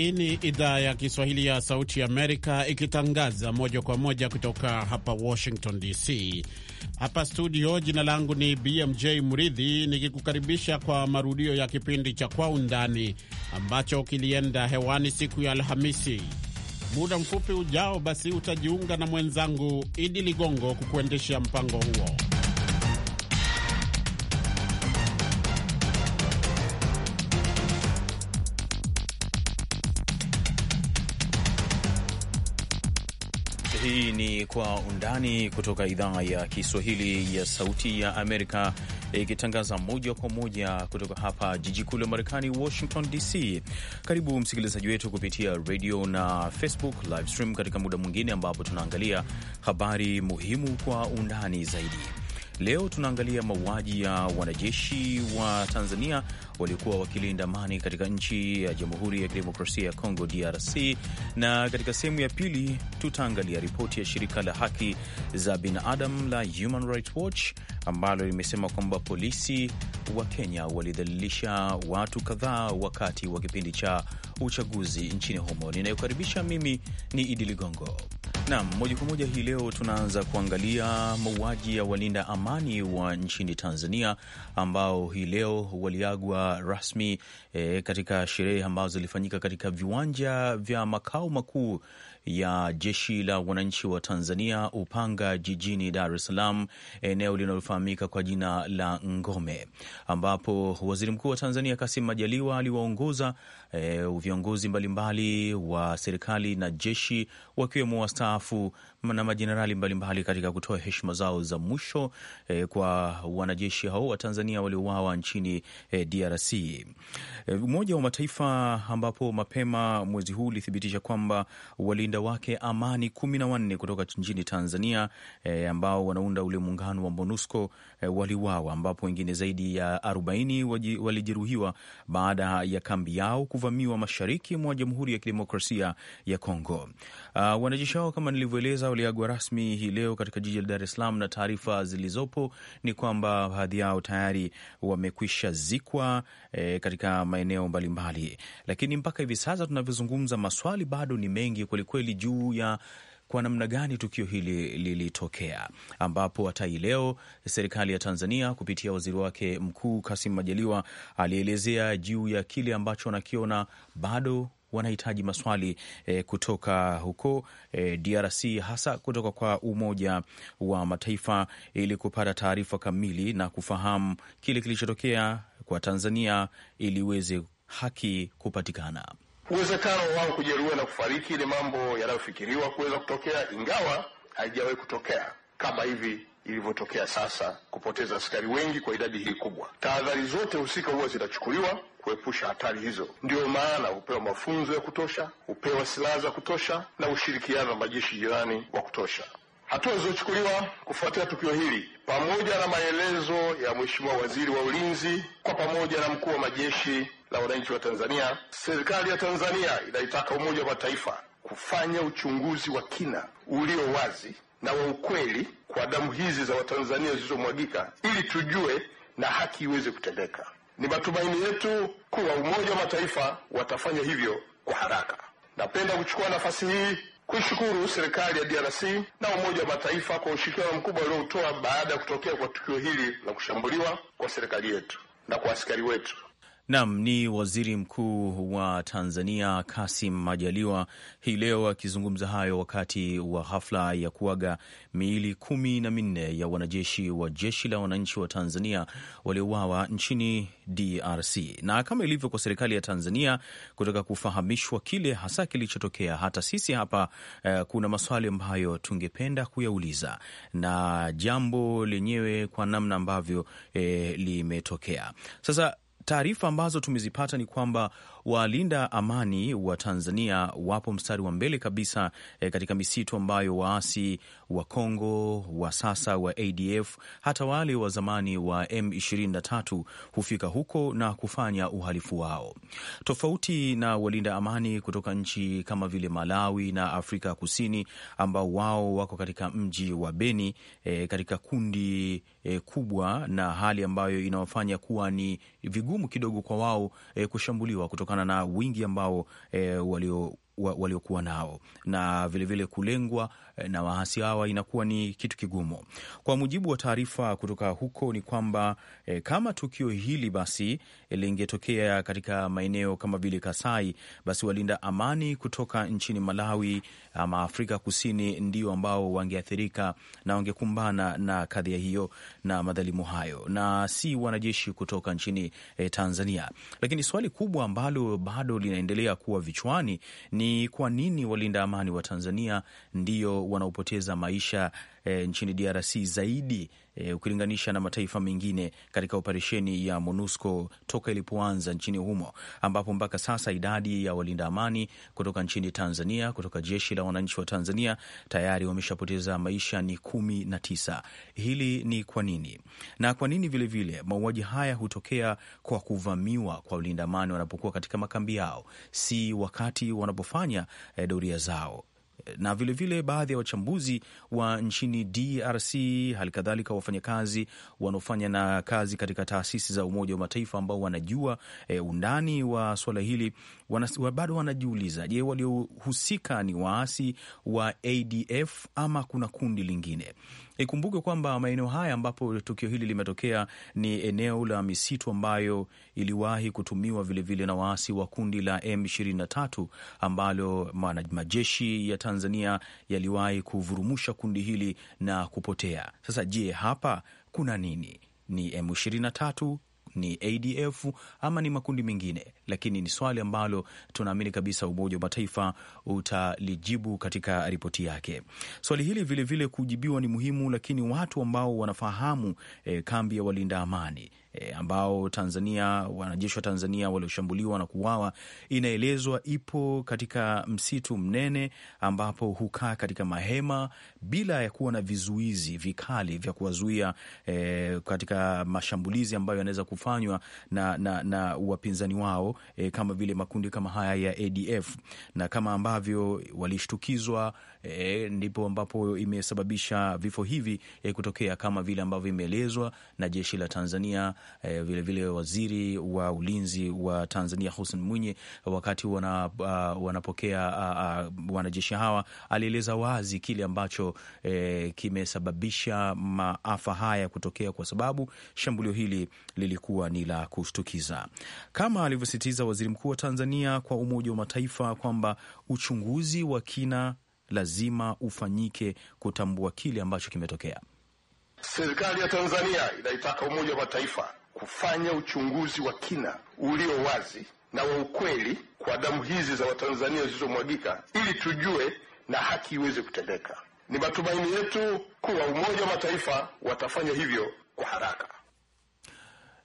Hii ni idhaa ya Kiswahili ya Sauti ya Amerika ikitangaza moja kwa moja kutoka hapa Washington DC. Hapa studio, jina langu ni BMJ Muridhi nikikukaribisha kwa marudio ya kipindi cha Kwa Undani ambacho kilienda hewani siku ya Alhamisi. Muda mfupi ujao, basi utajiunga na mwenzangu Idi Ligongo kukuendeshea mpango huo. Hii ni Kwa Undani kutoka idhaa ya Kiswahili ya Sauti ya Amerika, ikitangaza moja kwa moja kutoka hapa jiji kuu la Marekani, Washington DC. Karibu msikilizaji wetu kupitia radio na Facebook live stream katika muda mwingine ambapo tunaangalia habari muhimu kwa undani zaidi. Leo tunaangalia mauaji ya wanajeshi wa Tanzania waliokuwa wakilinda amani katika nchi ya Jamhuri ya Kidemokrasia ya Kongo, DRC, na katika sehemu ya pili tutaangalia ripoti ya shirika la haki za binadamu la Human Rights Watch ambalo limesema kwamba polisi wa Kenya walidhalilisha watu kadhaa wakati wa kipindi cha uchaguzi nchini humo. Ninayokaribisha mimi ni Idi Ligongo. Nam, moja kwa moja hii leo tunaanza kuangalia mauaji ya walinda amani wa nchini Tanzania ambao hii leo waliagwa rasmi e, katika sherehe ambazo zilifanyika katika viwanja vya makao makuu ya jeshi la wananchi wa Tanzania Upanga jijini Dar es Salaam, eneo linalofahamika kwa jina la Ngome, ambapo waziri mkuu wa Tanzania kasim Majaliwa aliwaongoza e, viongozi mbalimbali wa serikali na jeshi wakiwemo wastaafu na majenerali mbalimbali katika kutoa heshima zao za mwisho e, kwa wanajeshi hao wa Tanzania waliouawa nchini e, eh, DRC. Eh, Umoja wa Mataifa ambapo mapema mwezi huu ulithibitisha kwamba walinda wake amani kumi na wanne kutoka nchini Tanzania e, ambao wanaunda ule muungano wa MONUSCO e, waliuawa, ambapo wengine zaidi ya 40 walijeruhiwa baada ya kambi yao kuvamiwa mashariki mwa Jamhuri ya Kidemokrasia ya Kongo. Uh, wanajeshi hao kama nilivyoeleza, waliagwa rasmi hii leo katika jiji la Dar es Salaam, na taarifa zilizopo ni kwamba baadhi yao tayari wamekwisha zikwa e, katika maeneo mbalimbali, lakini mpaka hivi sasa tunavyozungumza, maswali bado ni mengi kwelikweli juu ya kwa namna gani tukio hili lilitokea, ambapo hata hii leo serikali ya Tanzania kupitia waziri wake mkuu Kasim Majaliwa alielezea juu ya kile ambacho anakiona bado wanahitaji maswali e, kutoka huko e, eh, DRC hasa kutoka kwa Umoja wa Mataifa ili kupata taarifa kamili na kufahamu kile kilichotokea kwa Tanzania ili iweze haki kupatikana. Uwezekano wao kujeruhiwa na kufariki ni mambo yanayofikiriwa kuweza kutokea, ingawa haijawahi kutokea kama hivi ilivyotokea sasa, kupoteza askari wengi kwa idadi hii kubwa. Tahadhari zote husika huwa zitachukuliwa kuepusha hatari hizo. Ndiyo maana hupewa mafunzo ya kutosha, hupewa silaha za kutosha na ushirikiano na majeshi jirani wa kutosha. Hatua zilizochukuliwa kufuatia tukio hili pamoja na maelezo ya Mheshimiwa Waziri wa Ulinzi kwa pamoja na mkuu wa majeshi la wananchi wa Tanzania, serikali ya Tanzania inaitaka Umoja wa Mataifa kufanya uchunguzi wa kina ulio wazi na wa ukweli kwa damu hizi za Watanzania zilizomwagika ili tujue na haki iweze kutendeka. Ni matumaini yetu kuwa Umoja wa Mataifa watafanya hivyo kwa haraka. Napenda kuchukua nafasi hii kuishukuru serikali ya DRC na Umoja wa Mataifa kwa ushirikiano mkubwa uliotoa baada ya kutokea kwa tukio hili la kushambuliwa kwa serikali yetu na kwa askari wetu. Nam ni waziri mkuu wa Tanzania Kasim Majaliwa hii leo akizungumza hayo wakati wa hafla ya kuaga miili kumi na minne ya wanajeshi wa jeshi la wananchi wa Tanzania waliouawa nchini DRC. Na kama ilivyo kwa serikali ya Tanzania kutaka kufahamishwa kile hasa kilichotokea, hata sisi hapa eh, kuna maswali ambayo tungependa kuyauliza na jambo lenyewe kwa namna ambavyo eh, limetokea sasa taarifa ambazo tumezipata ni kwamba Walinda amani wa Tanzania wapo mstari wa mbele kabisa e, katika misitu ambayo waasi wa Kongo wa sasa wa ADF hata wale wa zamani wa M23 hufika huko na kufanya uhalifu wao. Tofauti na walinda amani kutoka nchi kama vile Malawi na Afrika Kusini ambao wao wako katika mji wa Beni e, katika kundi e, kubwa na hali ambayo inawafanya kuwa ni vigumu kidogo kwa wao e, kushambuliwa kutoka kutokana na wingi ambao e, waliokuwa nao na vilevile vile kulengwa Eh, na waasi hawa inakuwa ni kitu kigumu. Kwa mujibu wa taarifa kutoka huko ni kwamba e, kama tukio hili basi eh, lingetokea katika maeneo kama vile Kasai, basi walinda amani kutoka nchini Malawi ama Afrika Kusini ndio ambao wangeathirika na wangekumbana na kadhia hiyo na madhalimu hayo, na si wanajeshi kutoka nchini e, Tanzania. Lakini swali kubwa ambalo bado linaendelea kuwa vichwani ni kwa nini walinda amani wa Tanzania ndio wanaopoteza maisha e, nchini DRC zaidi e, ukilinganisha na mataifa mengine katika operesheni ya MONUSCO toka ilipoanza nchini humo, ambapo mpaka sasa idadi ya walinda amani kutoka nchini Tanzania, kutoka jeshi la wananchi wa Tanzania tayari wameshapoteza maisha ni kumi na tisa. Hili ni kwa nini na kwa nini vilevile mauaji haya hutokea kwa kuvamiwa kwa walinda amani wanapokuwa katika makambi yao, si wakati wanapofanya e, doria zao na vilevile vile baadhi ya wachambuzi wa nchini DRC, halikadhalika wafanyakazi wanaofanya na kazi katika taasisi za Umoja wa Mataifa ambao wanajua e, undani wa suala hili bado wanajiuliza, je, waliohusika ni waasi wa ADF ama kuna kundi lingine? Ikumbuke kwamba maeneo haya ambapo tukio hili limetokea ni eneo la misitu ambayo iliwahi kutumiwa vilevile vile na waasi wa kundi la M23 ambalo majeshi ya Tanzania yaliwahi kuvurumusha kundi hili na kupotea. Sasa je, hapa kuna nini? Ni M23 ni ADF ama ni makundi mengine, lakini ni swali ambalo tunaamini kabisa Umoja wa Mataifa utalijibu katika ripoti yake. Swali hili vilevile vile kujibiwa ni muhimu, lakini watu ambao wanafahamu eh, kambi ya walinda amani E, ambao Tanzania wanajeshi wa Tanzania walioshambuliwa na kuuawa, inaelezwa ipo katika msitu mnene ambapo hukaa katika mahema bila ya kuwa na vizuizi vikali vya kuwazuia e, katika mashambulizi ambayo yanaweza kufanywa na, na, na wapinzani wao e, kama vile makundi kama haya ya ADF na kama ambavyo walishtukizwa e, ndipo ambapo imesababisha vifo hivi e, kutokea kama vile ambavyo imeelezwa na jeshi la Tanzania vilevile vile waziri wa ulinzi wa Tanzania Hussein Mwinyi wakati wana, uh, wanapokea uh, uh, wanajeshi hawa alieleza wazi kile ambacho eh, kimesababisha maafa haya kutokea, kwa sababu shambulio hili lilikuwa ni la kushtukiza, kama alivyosisitiza waziri mkuu wa Tanzania kwa Umoja wa Mataifa kwamba uchunguzi wa kina lazima ufanyike kutambua kile ambacho kimetokea. Serikali ya Tanzania inaitaka Umoja wa Mataifa kufanya uchunguzi wa kina ulio wazi na wa ukweli kwa damu hizi za Watanzania zilizomwagika ili tujue na haki iweze kutendeka. Ni matumaini yetu kuwa Umoja wa Mataifa watafanya hivyo kwa haraka.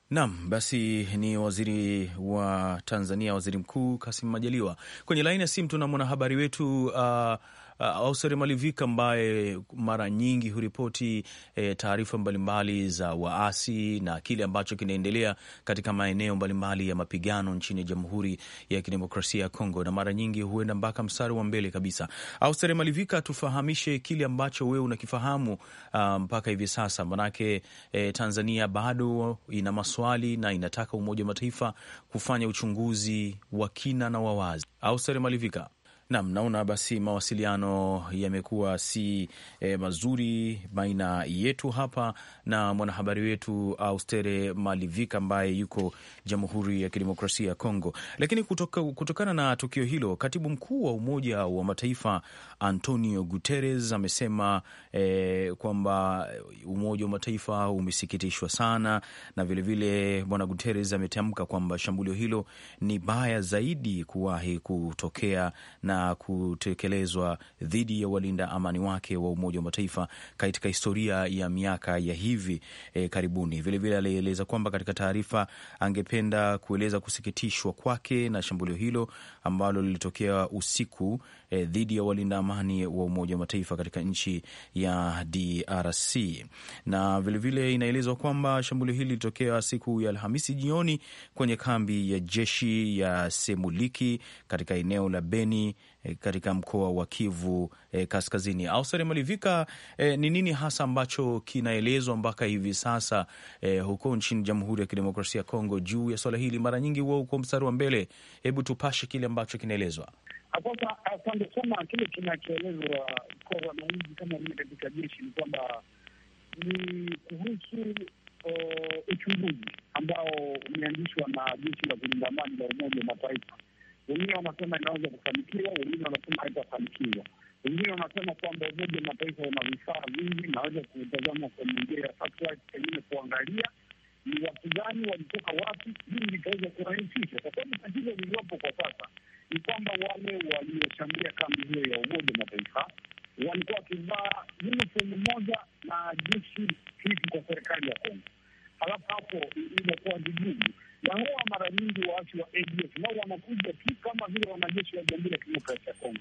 nam basi ni waziri wa Tanzania, waziri mkuu kasim Majaliwa. Kwenye laini ya simu tuna mwanahabari wetu uh, uh, Auseri Malivika ambaye mara nyingi huripoti eh, taarifa mbalimbali za waasi na kile ambacho kinaendelea katika maeneo mbalimbali ya mapigano nchini Jamhuri ya Kidemokrasia ya Kongo, na mara nyingi huenda mpaka mstari wa mbele kabisa. Auseri Malivika, tufahamishe kile ambacho wewe unakifahamu uh, mpaka um, hivi sasa, manake eh, Tanzania bado ina maswali na inataka Umoja wa Mataifa kufanya uchunguzi wa kina na wawazi. Auseri Malivika. Nam, naona basi mawasiliano yamekuwa si e, mazuri baina yetu hapa na mwanahabari wetu ah, Austere Malivika ambaye yuko Jamhuri ya Kidemokrasia ya Kongo. Lakini kutoka, kutokana na tukio hilo, katibu mkuu wa Umoja wa Mataifa Antonio Guterres amesema e, kwamba Umoja wa Mataifa umesikitishwa sana, na vilevile Bwana Guterres ametamka kwamba shambulio hilo ni baya zaidi kuwahi kutokea na na kutekelezwa dhidi ya walinda amani wake wa Umoja wa Mataifa katika historia ya miaka ya hivi e, karibuni. Vilevile alieleza kwamba katika taarifa angependa kueleza kusikitishwa kwake na shambulio hilo ambalo lilitokea usiku e, dhidi ya walinda amani wa Umoja wa Mataifa katika nchi ya DRC. Na vilevile inaelezwa kwamba shambulio hili lilitokea siku ya Alhamisi jioni kwenye kambi ya jeshi ya Semuliki katika eneo la Beni e, katika mkoa wa Kivu e, Kaskazini. Ausare Malivika, e, ni nini hasa ambacho kinaelezwa mpaka hivi sasa e, huko nchini Jamhuri ya Kidemokrasia ya Kongo juu ya swala hili? Mara nyingi huwa uko mstari wa mbele, hebu tupashe kile ambacho kinaelezwa. Kwanza asante sana. Kile kinachoelezwa kwa wananchi kama vile katika jeshi ni kwamba ni kuhusu oh, uchunguzi ambao umeanzishwa na jeshi la kulinda amani la Umoja wa Mataifa wengine wanasema inaweza kufanikiwa, wengine wanasema haitafanikiwa. Wengine wanasema kwamba Umoja wa Mataifa una vifaa vingi, naweza kutazama kwenye njia ya satellite, pengine kuangalia ni watu gani walitoka wapi, hii itaweza kurahisisha, kwa sababu tatizo liliopo kwa sasa ni kwamba wale walioshambulia kambi hiyo ya Umoja wa Mataifa walikuwa wakivaa unifomu moja na jeshi hiki kwa serikali ya Kongo alafu hapo imekuwa vigumu, na huwa mara nyingi waasi wa ADF nao wanakuja tu kama vile wanajeshi wa Jamhuri ya Kidemokrasia ya Kongo.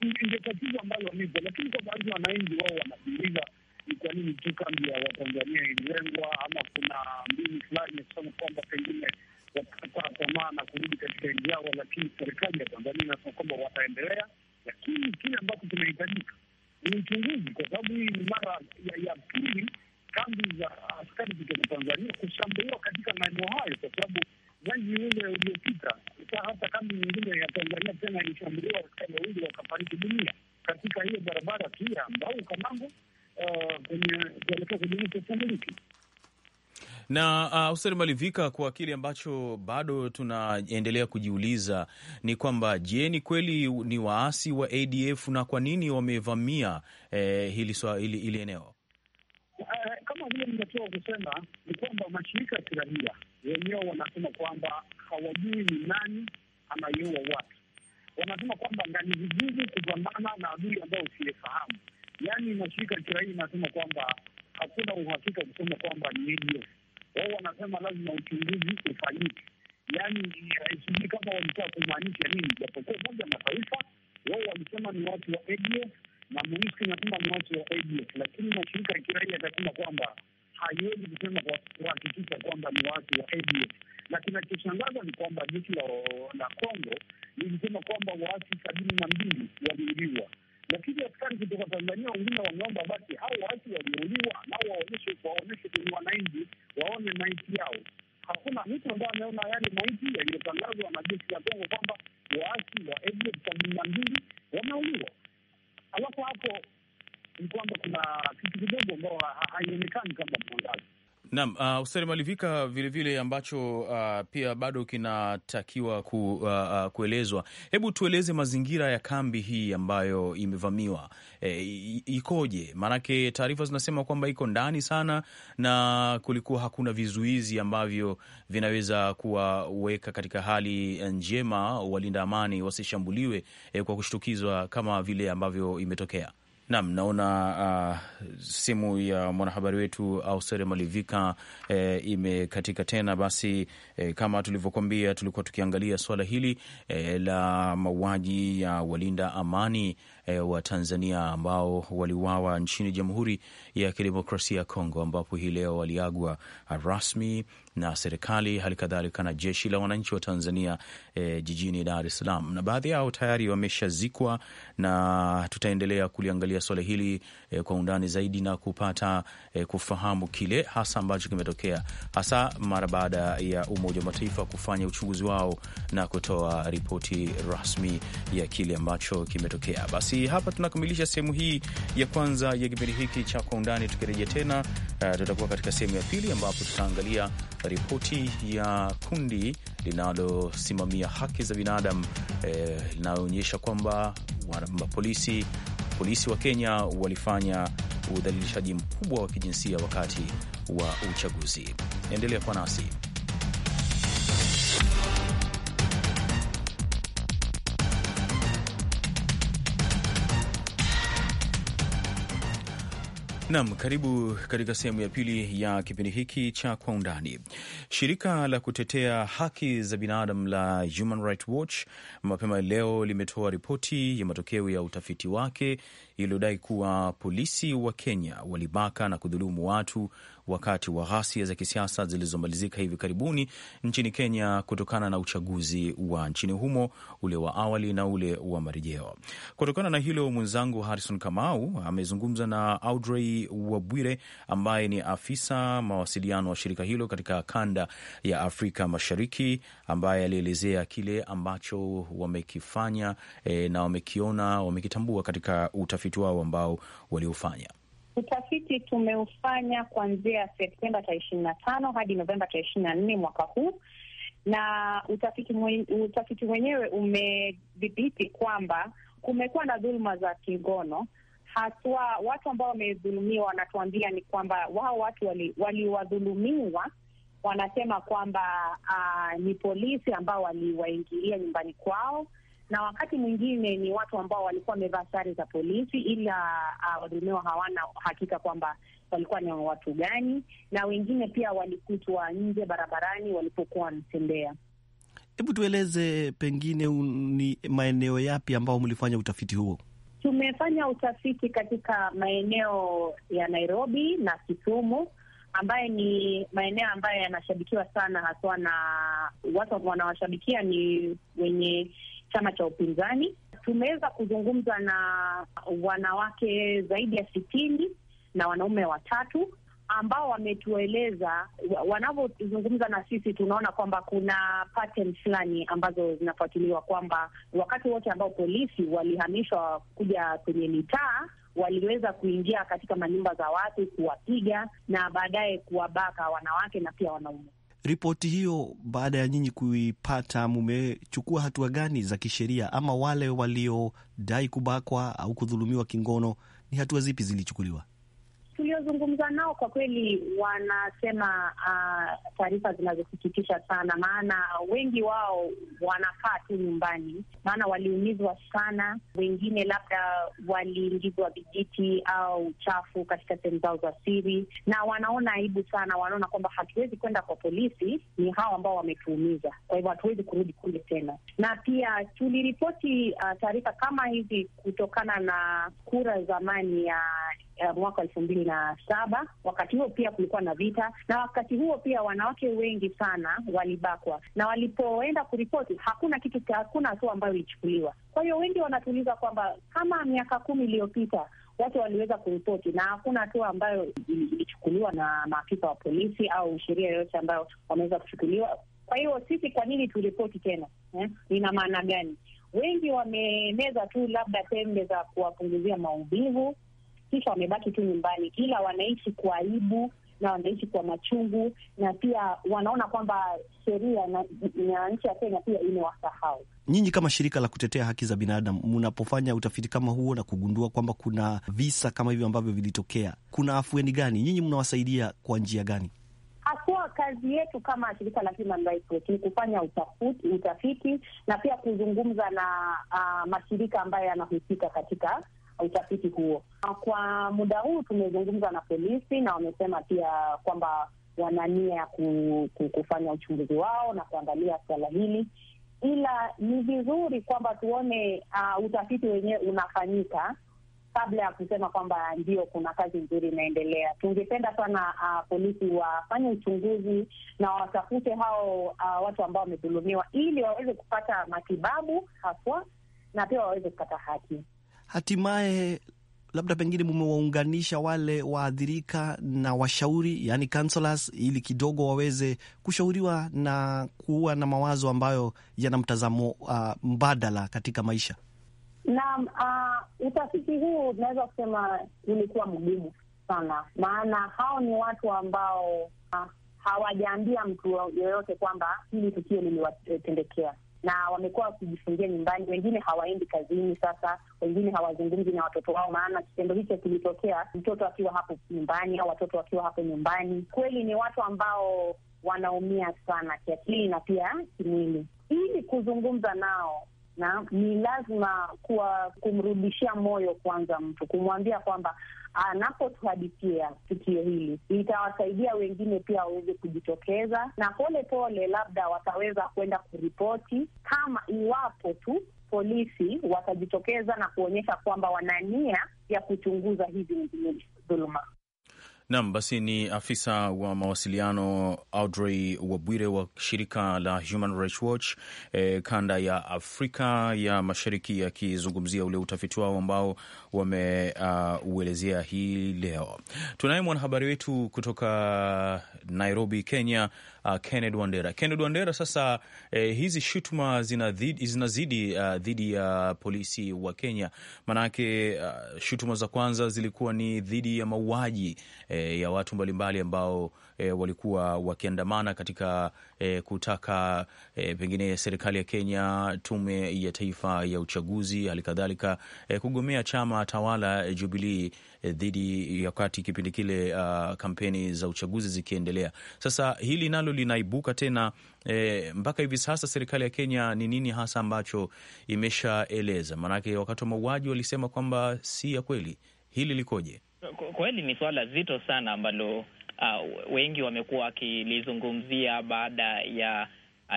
Ndio tatizo ambalo lipo, lakini kwa baadhi wananchi wao wanajiuliza ni kwa nini tu kambi ya Watanzania ililengwa, ama kuna mbini fulani ya kusema kwamba pengine watakata tamaa na kurudi katika nchi yao, lakini serikali ya Tanzania inasema kwamba wataendelea. Lakini kile ambacho kinahitajika ni uchunguzi, kwa sababu hii ni mara ya pili kambi za askari kutoka Tanzania kushambuliwa katika maeneo hayo, kwa sababu mwezi ule uliopita hata kambi nyingine ya Tanzania tena ilishambuliwa, askari wawili wakafariki dunia katika hiyo barabara pia ambao Kamango eh, kuelekea kwenye mto Semuliki na uh, Hussein Malivika, kwa kile ambacho bado tunaendelea kujiuliza ni kwamba je, ni kweli ni waasi wa ADF na kwa nini wamevamia eh, hili, hili, hili eneo? Eh, kama vile nimetoa kusema ni kwamba mashirika ya kiraia wenyewe wanasema kwamba hawajui ni nani anayeua watu. Wanasema kwamba ndani vigumu kupambana na adui ambayo usiyefahamu. Yaani, mashirika ya kiraia inasema kwamba hakuna uhakika kusema kwamba ni ADF. Wao wanasema lazima uchunguzi ufanyike, yaani eh, sijui kama walitaka kumaanisha nini, japokuwa Umoja wa Mataifa wao walisema ni watu wa ADF na MONUSCO inasema watu wa ADF, lakini mashirika ya kiraia yatasema kwamba haiwezi kusema kuhakikisha kwamba ni watu wa ADF. Na kinachoshangaza ni kwamba jeshi la Kongo lilisema kwamba waasi sabini na mbili waliuliwa, lakini askari kutoka Tanzania wengine wameomba basi hao waasi waliouliwa nao waonyeshe waonyeshe kwenye wananchi, waone maiti yao. Hakuna mtu ambaye ameona yale maiti yaliyotangazwa na jeshi la Kongo kwamba waasi wa ADF sabini na mbili wameuliwa. Alafu hapo ni kwamba kuna kitu kidogo ambao haionekani kama mwangaza Naam, uh, ustari Malivika, vilevile ambacho uh, pia bado kinatakiwa ku, uh, uh, kuelezwa. Hebu tueleze mazingira ya kambi hii ambayo imevamiwa e, ikoje? Maanake taarifa zinasema kwamba iko ndani sana na kulikuwa hakuna vizuizi ambavyo vinaweza kuwaweka katika hali njema walinda amani wasishambuliwe e, kwa kushtukizwa kama vile ambavyo imetokea. Nam, naona uh, simu ya mwanahabari wetu Ausere Malivika eh, imekatika tena. Basi eh, kama tulivyokuambia, tulikuwa tukiangalia suala hili eh, la mauaji ya walinda amani eh, wa Tanzania ambao waliuawa nchini Jamhuri ya Kidemokrasia ya Kongo, ambapo hii leo waliagwa rasmi na serikali, hali kadhalika na jeshi la wananchi wa Tanzania e, jijini Dar es Salaam, na baadhi yao tayari wameshazikwa, na tutaendelea kuliangalia swala hili e, kwa undani zaidi na kupata e, kufahamu kile hasa ambacho kimetokea, hasa mara baada ya Umoja wa Mataifa kufanya uchunguzi wao na kutoa ripoti rasmi ya kile ambacho kimetokea. Basi hapa tunakamilisha sehemu hii ya kwanza ya kipindi hiki cha Kwa Undani. Tukirejea tena, uh, tutakuwa katika sehemu ya pili ambapo tutaangalia Ripoti ya kundi linalosimamia haki za binadamu linaonyesha eh, kwamba polisi, polisi wa Kenya walifanya udhalilishaji mkubwa wa kijinsia wakati wa uchaguzi. Endelea kuwa nasi. Nam, karibu katika sehemu ya pili ya kipindi hiki cha Kwa Undani. Shirika la kutetea haki za binadamu la Human Rights Watch mapema leo limetoa ripoti ya matokeo ya utafiti wake iliyodai kuwa polisi wa Kenya walibaka na kudhulumu watu wakati wa ghasia za kisiasa zilizomalizika hivi karibuni nchini Kenya kutokana na uchaguzi wa nchini humo, ule wa awali na ule wa marejeo. Kutokana na hilo, mwenzangu Harrison Kamau amezungumza na Audrey Wabwire ambaye ni afisa mawasiliano wa shirika hilo katika kanda ya Afrika Mashariki, ambaye alielezea kile ambacho wamekifanya e, na wamekiona wamekitambua katika utafiti wao ambao waliofanya. Utafiti tumeufanya kuanzia Septemba tarehe ishirini na tano hadi Novemba tarehe ishirini na nne mwaka huu, na utafiti mwenye, utafiti mwenyewe umedhibiti kwamba kumekuwa na dhuluma za kingono haswa watu ambao wamedhulumiwa wanatuambia ni kwamba wao watu waliwadhulumiwa wali wanasema kwamba uh, ni polisi ambao waliwaingilia nyumbani kwao na wakati mwingine ni watu ambao walikuwa wamevaa sare za polisi, ila uh, ah, wadhulumiwa hawana hakika kwamba walikuwa ni watu gani, na wengine pia walikutwa nje barabarani walipokuwa wanatembea. Hebu tueleze pengine ni maeneo yapi ambao mlifanya utafiti huo? Tumefanya utafiti katika maeneo ya Nairobi na Kisumu, ambaye ni maeneo ambayo yanashabikiwa sana, haswa na watu wanaoshabikia ni wenye chama cha upinzani. Tumeweza kuzungumza na wanawake zaidi ya sitini na wanaume watatu ambao wametueleza wanavyozungumza na sisi. Tunaona kwamba kuna pattern fulani ambazo zinafuatiliwa, kwamba wakati wote ambao polisi walihamishwa kuja kwenye mitaa waliweza kuingia katika manyumba za watu kuwapiga na baadaye kuwabaka wanawake na pia wanaume. Ripoti hiyo baada ya nyinyi kuipata, mumechukua hatua gani za kisheria? Ama wale waliodai kubakwa au kudhulumiwa kingono, ni hatua zipi zilichukuliwa? tuliozungumza nao kwa kweli wanasema uh, taarifa zinazosikitisha sana, maana wengi wao wanakaa tu nyumbani, maana waliumizwa sana. Wengine labda waliingizwa vijiti au chafu katika sehemu zao za siri, na wanaona aibu sana. Wanaona kwamba hatuwezi kwenda kwa polisi, ni hao ambao wametuumiza, kwa hivyo hatuwezi kurudi kule tena. Na pia tuliripoti uh, taarifa kama hizi kutokana na kura zamani ya uh, uh, mwaka elfu mbili na saba. Wakati huo pia kulikuwa na vita, na wakati huo pia wanawake wengi sana walibakwa, na walipoenda kuripoti hakuna kitu, hakuna hatua ambayo ilichukuliwa. Kwa hiyo wengi wanatuuliza kwamba kama miaka kumi iliyopita watu waliweza kuripoti na hakuna hatua ambayo ilichukuliwa na maafisa wa polisi au sheria yoyote ambayo wameweza kuchukuliwa. Kwa hiyo sisi, kwa nini turipoti tena eh? Ina maana gani? Wengi wamemeza tu labda pembe za kuwapunguzia maumivu kisha wamebaki tu nyumbani, ila wanaishi kwa aibu na wanaishi kwa machungu, na pia wanaona kwamba sheria na nchi ya Kenya pia imewasahau. Nyinyi kama shirika la kutetea haki za binadamu, mnapofanya utafiti kama huo na kugundua kwamba kuna visa kama hivyo ambavyo vilitokea, kuna afueni gani? Nyinyi mnawasaidia kwa njia gani? hakuwa kazi yetu kama shirika la Human Rights Watch ni kufanya utafiti, utafiti na pia kuzungumza na uh, mashirika ambayo yanahusika katika utafiti huo. Ah, kwa muda huu tumezungumza na polisi na wamesema pia kwamba wana nia ya kufanya uchunguzi wao na kuangalia suala hili, ila ni vizuri kwamba tuone uh, utafiti wenyewe unafanyika kabla ya kusema kwamba ndio kuna kazi nzuri inaendelea. Tungependa sana uh, polisi wafanye uchunguzi na watafute hao uh, watu ambao wamedhulumiwa ili waweze kupata matibabu haswa na pia waweze kupata haki hatimaye labda pengine mumewaunganisha wale waathirika na washauri, yani counselors, ili kidogo waweze kushauriwa na kuwa na mawazo ambayo yana mtazamo uh, mbadala katika maisha. Naam, uh, utafiti huu unaweza kusema ulikuwa mgumu sana, maana hao ni watu ambao uh, hawajaambia mtu yoyote kwamba hili tukio liliwatendekea na wamekuwa wakijifungia nyumbani, wengine hawaendi kazini, sasa wengine hawazungumzi na watoto wao, maana kitendo hicho kilitokea mtoto akiwa hapo nyumbani au watoto wakiwa hapo nyumbani. Kweli ni watu ambao wanaumia sana kiakili na pia kimwili. Ili kuzungumza nao na ni lazima kuwa kumrudishia moyo kwanza, mtu kumwambia kwamba anapotuhadithia tukio hili, itawasaidia wengine pia waweze kujitokeza, na pole pole labda wataweza kwenda kuripoti kama iwapo tu polisi watajitokeza na kuonyesha kwamba wana nia ya kuchunguza hizi dhuluma. Nam basi, ni afisa wa mawasiliano Audrey Wabwire wa shirika la Human Rights Watch e, kanda ya Afrika ya Mashariki, akizungumzia ule utafiti wao ambao wameuelezea uh, hii leo. Tunaye mwanahabari wetu kutoka Nairobi, Kenya, uh, Kenneth Wandera. kenned Wandera, sasa eh, hizi shutuma zinazidi uh, dhidi uh, ya uh, polisi wa Kenya, maanake uh, shutuma za kwanza zilikuwa ni dhidi ya mauaji eh, ya watu mbalimbali ambao e, walikuwa wakiandamana katika e, kutaka e, pengine serikali ya Kenya, tume ya taifa ya uchaguzi, kadhalika e, kugomea chama tawala e, Jubilii e, dhidi ya wakati kipindi kile uh, kampeni za uchaguzi zikiendelea. Sasa hili nalo linaibuka tena e, mpaka hivi sasa serikali ya Kenya ni nini hasa ambacho imeshaeleza? Maanake wakati wa mauaji walisema kwamba si ya kweli. Hili likoje? Kweli ni suala zito sana ambalo uh, wengi wamekuwa wakilizungumzia baada ya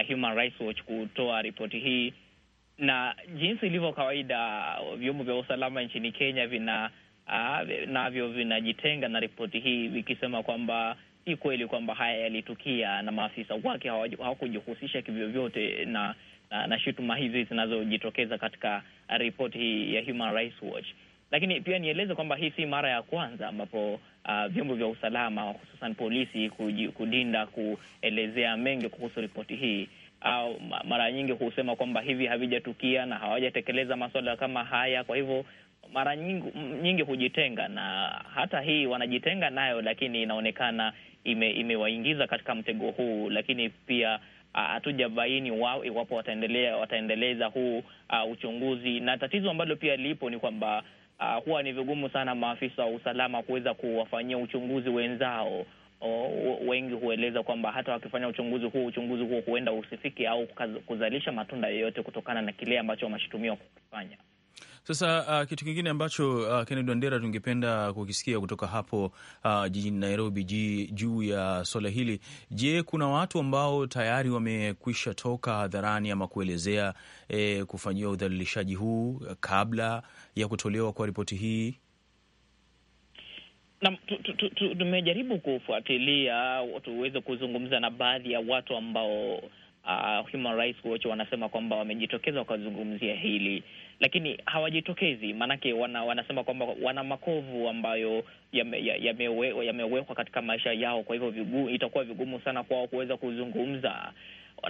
uh, Human Rights Watch kutoa ripoti hii, na jinsi ilivyo kawaida, vyombo vya usalama nchini Kenya vina uh, navyo vinajitenga na ripoti hii vikisema kwamba si kweli kwamba haya yalitukia na maafisa wake hawakujihusisha kivyovyote na, na, na shutuma hizi zinazojitokeza katika ripoti hii ya Human Rights Watch. Lakini pia nieleze kwamba hii si mara ya kwanza ambapo uh, vyombo vya usalama hususan polisi kudinda kuelezea mengi kuhusu ripoti hii au mara nyingi husema kwamba hivi havijatukia na hawajatekeleza masuala kama haya. Kwa hivyo mara nyingi, nyingi hujitenga na hata hii wanajitenga nayo, lakini inaonekana ime, imewaingiza katika mtego huu, lakini pia hatujabaini wao iwapo wataendelea wataendeleza huu uh, uchunguzi na tatizo ambalo pia lipo ni kwamba uh, huwa ni vigumu sana maafisa wa usalama kuweza kuwafanyia uchunguzi wenzao. O, wengi hueleza kwamba hata wakifanya uchunguzi huo, uchunguzi huo huenda usifiki au kuzalisha matunda yoyote kutokana na kile ambacho wameshutumiwa kukifanya. Sasa uh, kitu kingine ambacho uh, Kennedy Wandera tungependa kukisikia kutoka hapo uh, jijini Nairobi juu ya swala hili. Je, kuna watu ambao tayari wamekwisha toka hadharani ama kuelezea eh, kufanyiwa udhalilishaji huu kabla ya kutolewa kwa ripoti hii? Tumejaribu kufuatilia tuweze kuzungumza na baadhi ya watu ambao uh, Human Rights Watch wanasema kwamba wamejitokeza wakazungumzia hili, lakini hawajitokezi maanake wana, wanasema kwamba wana makovu ambayo yamewekwa yame yame katika maisha yao, kwa hivyo vigu, itakuwa vigumu sana kwao kuweza kuzungumza.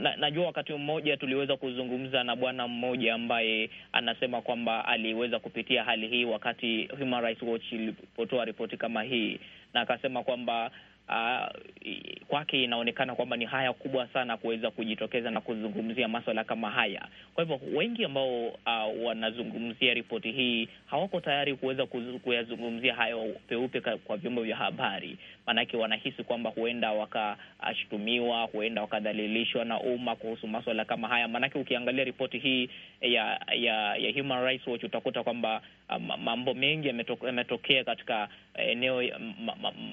Na, najua wakati mmoja tuliweza kuzungumza na bwana mmoja ambaye anasema kwamba aliweza kupitia hali hii wakati Human Rights Watch ilipotoa ripoti kama hii, na akasema kwamba uh, kwake inaonekana kwamba ni haya kubwa sana kuweza kujitokeza na kuzungumzia maswala kama haya. Kwa hivyo wengi ambao uh, wanazungumzia ripoti hii hawako tayari kuweza kuyazungumzia hayo peupe kwa vyombo vya habari, maanake wanahisi kwamba huenda wakashutumiwa, ah, huenda wakadhalilishwa na umma kuhusu maswala kama haya. Maanake ukiangalia ripoti hii ya, ya, ya Human Rights Watch utakuta kwamba Ah, mambo mengi yametokea katika eh, eneo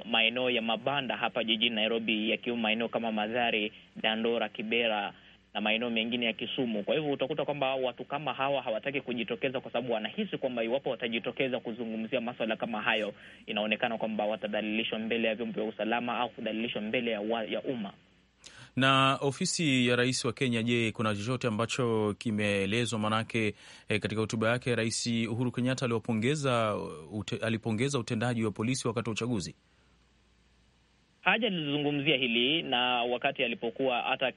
maeneo ya mabanda hapa jijini Nairobi, yakiwemo maeneo kama Mathari, Dandora, Kibera na maeneo mengine ya Kisumu. Kwa hivyo utakuta kwamba watu kama hawa hawataki kujitokeza kwa sababu wanahisi kwamba iwapo watajitokeza kuzungumzia maswala kama hayo, inaonekana kwamba watadhalilishwa mbele ya vyombo vya usalama au kudhalilishwa mbele ya, ya umma. Na ofisi ya rais wa Kenya, je, kuna chochote ambacho kimeelezwa? Maanake e, eh, katika hotuba yake Rais Uhuru Kenyatta aliwapongeza ute, alipongeza utendaji wa polisi wakati wa uchaguzi haja lilizungumzia hili na wakati alipokuwa hata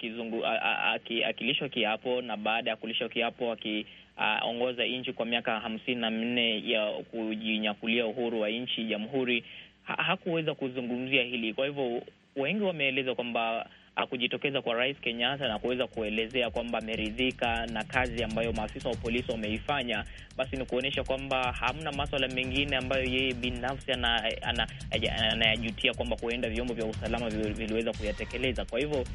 akilishwa kiapo na baada ya kulishwa kiapo akiongoza nchi kwa miaka hamsini na minne ya kujinyakulia uhuru wa nchi jamhuri, ha hakuweza kuzungumzia hili. Kwa hivyo wengi wameeleza kwamba Uh, kujitokeza kwa Rais Kenyatta na kuweza kuelezea kwamba ameridhika na kazi ambayo maafisa wa polisi wameifanya, basi ni kuonyesha kwamba hamna maswala mengine ambayo yeye binafsi anayajutia kwamba huenda vyombo vya usalama viliweza kuyatekeleza. Kwa hivyo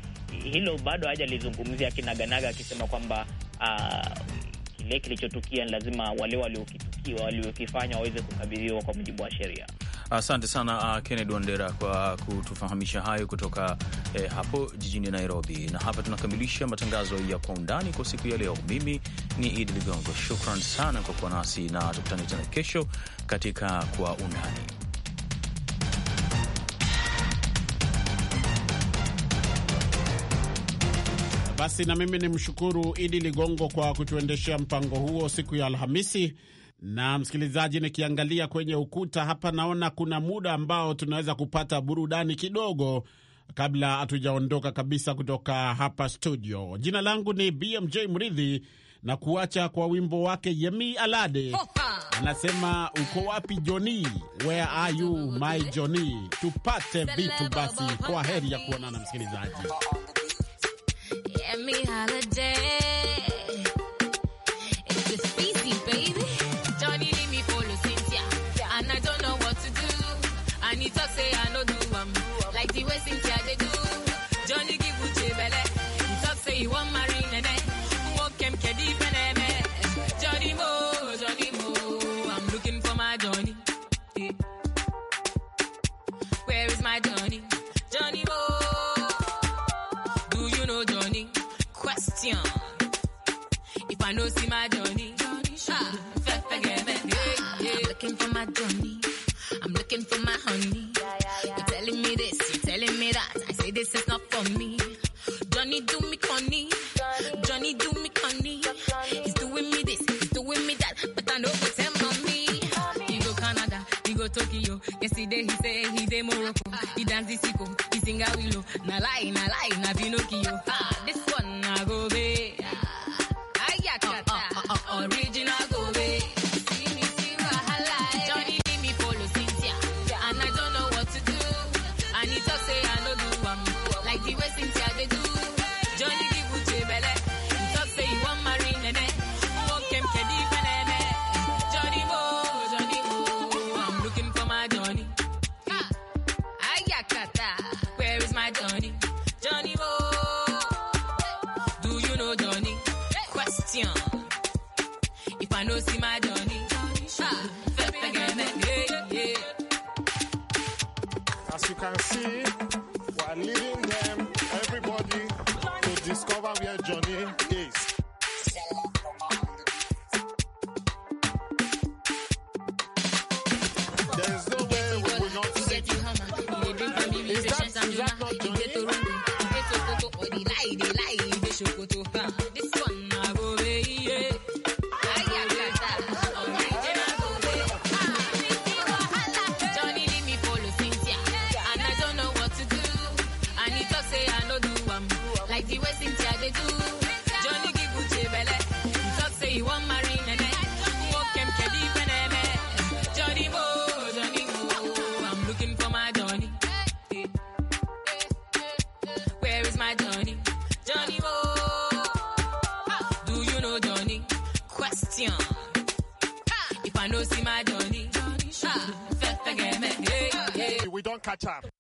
hilo bado hajalizungumzia kinaganaga, akisema kwamba uh, kile kilichotukia lazima wale waliokifanya waweze kukabidhiwa kwa mujibu wa sheria. Asante sana uh, Kennedy Wandera kwa kutufahamisha hayo kutoka eh, hapo jijini Nairobi. Na hapa tunakamilisha matangazo ya Kwa Undani kwa siku ya leo. Mimi ni Idi Ligongo, shukran sana kwa kuwa nasi na tukutane tena kesho katika Kwa Undani. Basi na mimi ni mshukuru Idi Ligongo kwa kutuendeshea mpango huo siku ya Alhamisi na msikilizaji, nikiangalia kwenye ukuta hapa naona kuna muda ambao tunaweza kupata burudani kidogo kabla hatujaondoka kabisa kutoka hapa studio. Jina langu ni BMJ Mridhi na kuacha kwa wimbo wake Yemi Alade anasema uko wapi Joni, where are you my Joni. Tupate vitu basi, kwa heri ya kuonana msikilizaji. Yemi Alade na zisiku kisinga wilo na lai na Yeah, Johnny. don catch up.